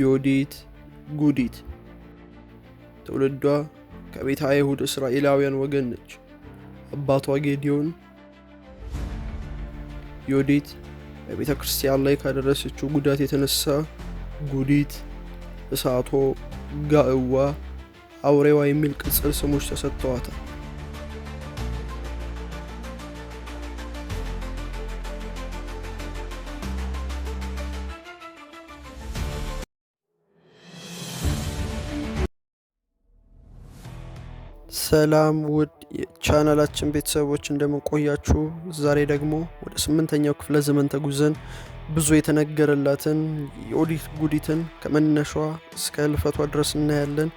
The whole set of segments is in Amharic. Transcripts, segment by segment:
ዮዲት ጉዲት ትውልዷ ከቤተ አይሁድ እስራኤላውያን ወገን ነች። አባቷ ጌዲዮን። ዮዲት በቤተ ክርስቲያን ላይ ካደረሰችው ጉዳት የተነሳ ጉዲት፣ እሳቶ፣ ጋእዋ፣ አውሬዋ የሚል ቅጽል ስሞች ተሰጥተዋታል። ሰላም ውድ ቻናላችን ቤተሰቦች እንደምንቆያችሁ፣ ዛሬ ደግሞ ወደ ስምንተኛው ክፍለ ዘመን ተጉዘን ብዙ የተነገረላትን የኦዲት ጉዲትን ከመነሿ እስከ ልፈቷ ድረስ እናያለን።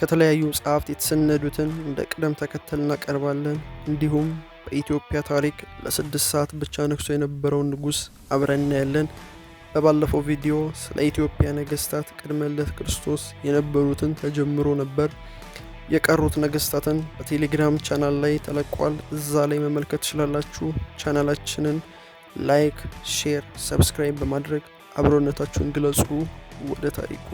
ከተለያዩ መጽሐፍት የተሰነዱትን እንደ ቅደም ተከተል እናቀርባለን። እንዲሁም በኢትዮጵያ ታሪክ ለስድስት ሰዓት ብቻ ነግሶ የነበረውን ንጉስ አብረን እናያለን። በባለፈው ቪዲዮ ስለ ኢትዮጵያ ነገስታት ቅድመለት ክርስቶስ የነበሩትን ተጀምሮ ነበር። የቀሩት ነገስታትን በቴሌግራም ቻናል ላይ ተለቋል። እዛ ላይ መመልከት ትችላላችሁ። ቻናላችንን ላይክ፣ ሼር፣ ሰብስክራይብ በማድረግ አብሮነታችሁን ግለጹ። ወደ ታሪኩ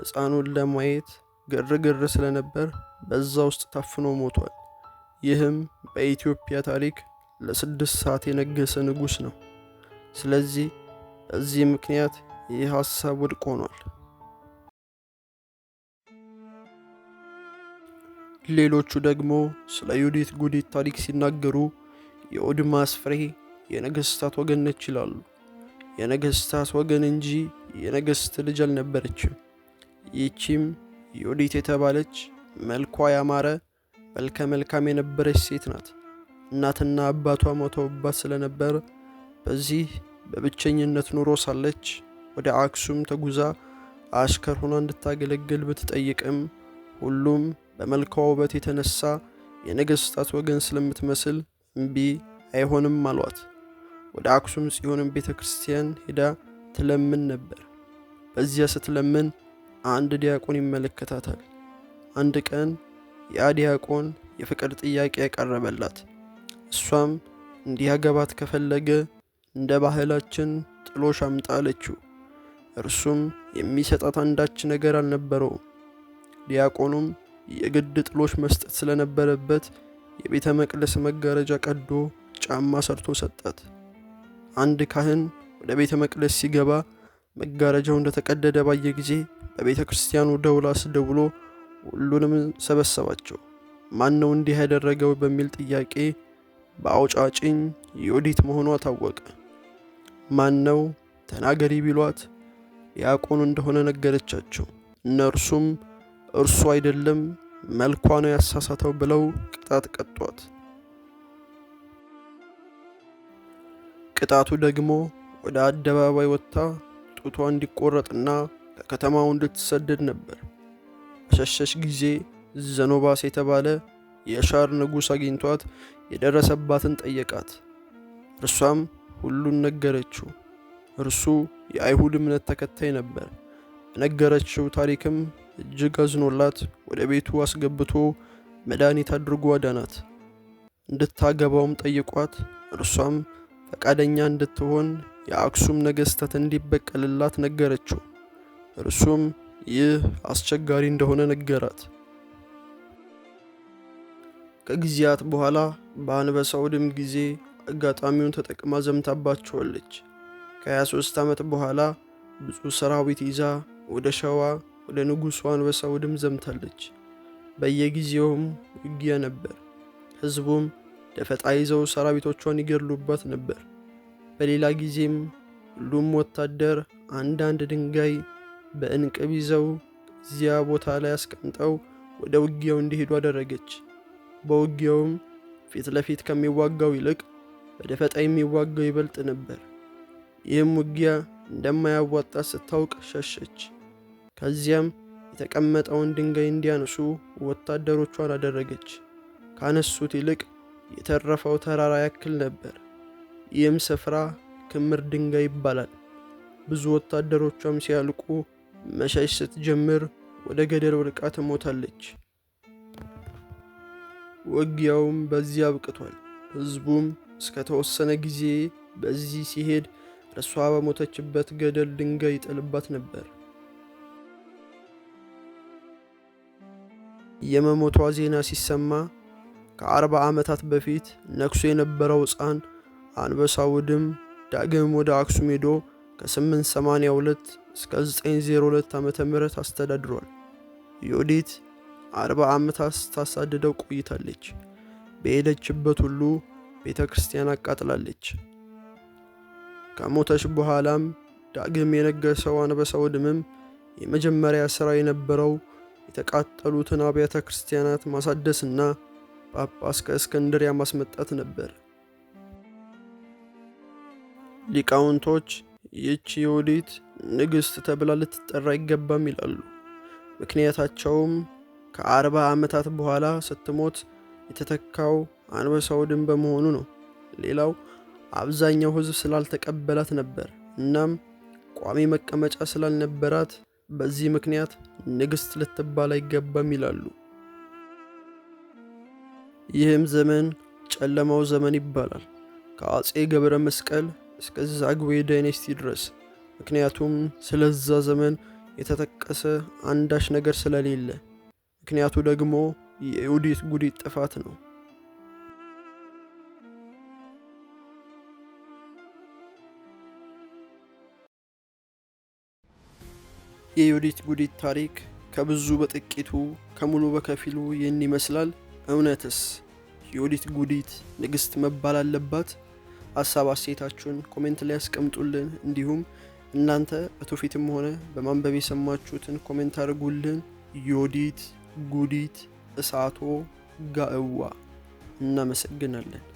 ሕፃኑን ለማየት ግርግር ስለነበር በዛ ውስጥ ታፍኖ ሞቷል። ይህም በኢትዮጵያ ታሪክ ለስድስት ሰዓት የነገሰ ንጉሥ ነው። ስለዚህ በዚህ ምክንያት ይህ ሐሳብ ውድቅ ሆኗል። ሌሎቹ ደግሞ ስለ ዩዲት ጉዲት ታሪክ ሲናገሩ የኦድማ አስፍሬ የነገስታት ወገን ነች ይላሉ። የነገስታት ወገን እንጂ የነገስት ልጅ አልነበረችም። ይቺም ዮዲት የተባለች መልኳ ያማረ መልከ መልካም የነበረች ሴት ናት። እናትና አባቷ ሞተውባት ስለነበር በዚህ በብቸኝነት ኑሮ ሳለች ወደ አክሱም ተጉዛ አሽከር ሆና እንድታገለግል ብትጠይቅም ሁሉም በመልኳ ውበት የተነሳ የነገስታት ወገን ስለምትመስል እምቢ አይሆንም አሏት። ወደ አክሱም ጽዮንም ቤተ ክርስቲያን ሄዳ ትለምን ነበር። በዚያ ስትለምን አንድ ዲያቆን ይመለከታታል። አንድ ቀን ያ ዲያቆን የፍቅር ጥያቄ ያቀረበላት፣ እሷም እንዲያገባት ከፈለገ እንደ ባህላችን ጥሎሽ አምጣ አለችው። እርሱም የሚሰጣት አንዳች ነገር አልነበረውም። ዲያቆኑም የግድ ጥሎሽ መስጠት ስለነበረበት የቤተ መቅደስ መጋረጃ ቀዶ ጫማ ሰርቶ ሰጣት። አንድ ካህን ወደ ቤተ መቅደስ ሲገባ መጋረጃው እንደተቀደደ ባየ ጊዜ በቤተ ክርስቲያኑ ደውል አስደውሎ ሁሉንም ሰበሰባቸው። ማን ነው እንዲህ ያደረገው በሚል ጥያቄ በአውጫጭኝ ዮዲት መሆኗ ታወቀ። ማን ነው ተናገሪ ቢሏት ዲያቆኑ እንደሆነ ነገረቻቸው። እነርሱም እርሱ አይደለም መልኳ ነው ያሳሳተው ብለው ቅጣት ቀጧት። ቅጣቱ ደግሞ ወደ አደባባይ ወጥታ ጡቷ እንዲቆረጥና ከከተማው እንድትሰደድ ነበር። በሸሸሽ ጊዜ ዘኖባስ የተባለ የሻር ንጉሥ አግኝቷት የደረሰባትን ጠየቃት። እርሷም ሁሉን ነገረችው። እርሱ የአይሁድ እምነት ተከታይ ነበር። የነገረችው ታሪክም እጅግ አዝኖላት ወደ ቤቱ አስገብቶ መድኃኒት አድርጎ አዳናት። እንድታገባውም ጠይቋት እርሷም ፈቃደኛ እንድትሆን የአክሱም ነገሥታት እንዲበቀልላት ነገረችው። እርሱም ይህ አስቸጋሪ እንደሆነ ነገራት። ከጊዜያት በኋላ በአንበሳው ድም ጊዜ አጋጣሚውን ተጠቅማ ዘምታባቸዋለች። ከ23 ዓመት በኋላ ብዙ ሰራዊት ይዛ ወደ ሸዋ ወደ ንጉሡ አንበሳው ድም ዘምታለች። በየጊዜውም ውጊያ ነበር። ሕዝቡም ደፈጣ ይዘው ሰራዊቶቿን ይገድሉባት ነበር። በሌላ ጊዜም ሁሉም ወታደር አንዳንድ ድንጋይ በእንቅብ ይዘው እዚያ ቦታ ላይ አስቀምጠው ወደ ውጊያው እንዲሄዱ አደረገች። በውጊያውም ፊት ለፊት ከሚዋጋው ይልቅ በደፈጣ የሚዋጋው ይበልጥ ነበር። ይህም ውጊያ እንደማያዋጣ ስታውቅ ሸሸች። ከዚያም የተቀመጠውን ድንጋይ እንዲያነሱ ወታደሮቿን አደረገች። ካነሱት ይልቅ የተረፈው ተራራ ያክል ነበር። ይህም ስፍራ ክምር ድንጋይ ይባላል። ብዙ ወታደሮቿም ሲያልቁ መሻሽ ስትጀምር ወደ ገደል ወድቃ ትሞታለች። ውጊያውም በዚህ አብቅቷል። ሕዝቡም እስከ ተወሰነ ጊዜ በዚህ ሲሄድ እርሷ በሞተችበት ገደል ድንጋይ ይጠልባት ነበር። የመሞቷ ዜና ሲሰማ ከአርባ ዓመታት በፊት ነክሶ የነበረው ፃን አንበሳ ውድም ዳግም ወደ አክሱም ሄዶ ከ882 እስከ 902 ዓ ም አስተዳድሯል። ዮዲት 40 ዓመታት ስታሳድደው ቆይታለች። በሄደችበት ሁሉ ቤተ ክርስቲያን አቃጥላለች። ከሞተች በኋላም ዳግም የነገሰው አንበሳ ውድምም የመጀመሪያ ሥራ የነበረው የተቃጠሉትን አብያተ ክርስቲያናት ማሳደስና ጳጳስ ከእስክንድሪያ ማስመጣት ነበር። ሊቃውንቶች ይቺ ይሁዲት ንግሥት ተብላ ልትጠራ አይገባም ይላሉ። ምክንያታቸውም ከአርባ ዓመታት በኋላ ስትሞት የተተካው አንበሳው ድን በመሆኑ ነው። ሌላው አብዛኛው ሕዝብ ስላልተቀበላት ነበር። እናም ቋሚ መቀመጫ ስላልነበራት በዚህ ምክንያት ንግሥት ልትባል አይገባም ይላሉ። ይህም ዘመን ጨለማው ዘመን ይባላል። ከአጼ ገብረ መስቀል እስከ ዛግዌ ዳይኔስቲ ድረስ። ምክንያቱም ስለዛ ዘመን የተጠቀሰ አንዳች ነገር ስለሌለ። ምክንያቱ ደግሞ የኢውዲት ጉዲት ጥፋት ነው። የዩዲት ጉዲት ታሪክ ከብዙ በጥቂቱ ከሙሉ በከፊሉ ይህን ይመስላል። እውነትስ የዩዲት ጉዲት ንግሥት መባል አለባት? ሀሳብ አስተያየታችሁን ኮሜንት ላይ ያስቀምጡልን። እንዲሁም እናንተ በትውፊትም ሆነ በማንበብ የሰማችሁትን ኮሜንት አድርጉልን። ዮዲት ጉዲት እሳቶ ጋእዋ እናመሰግናለን።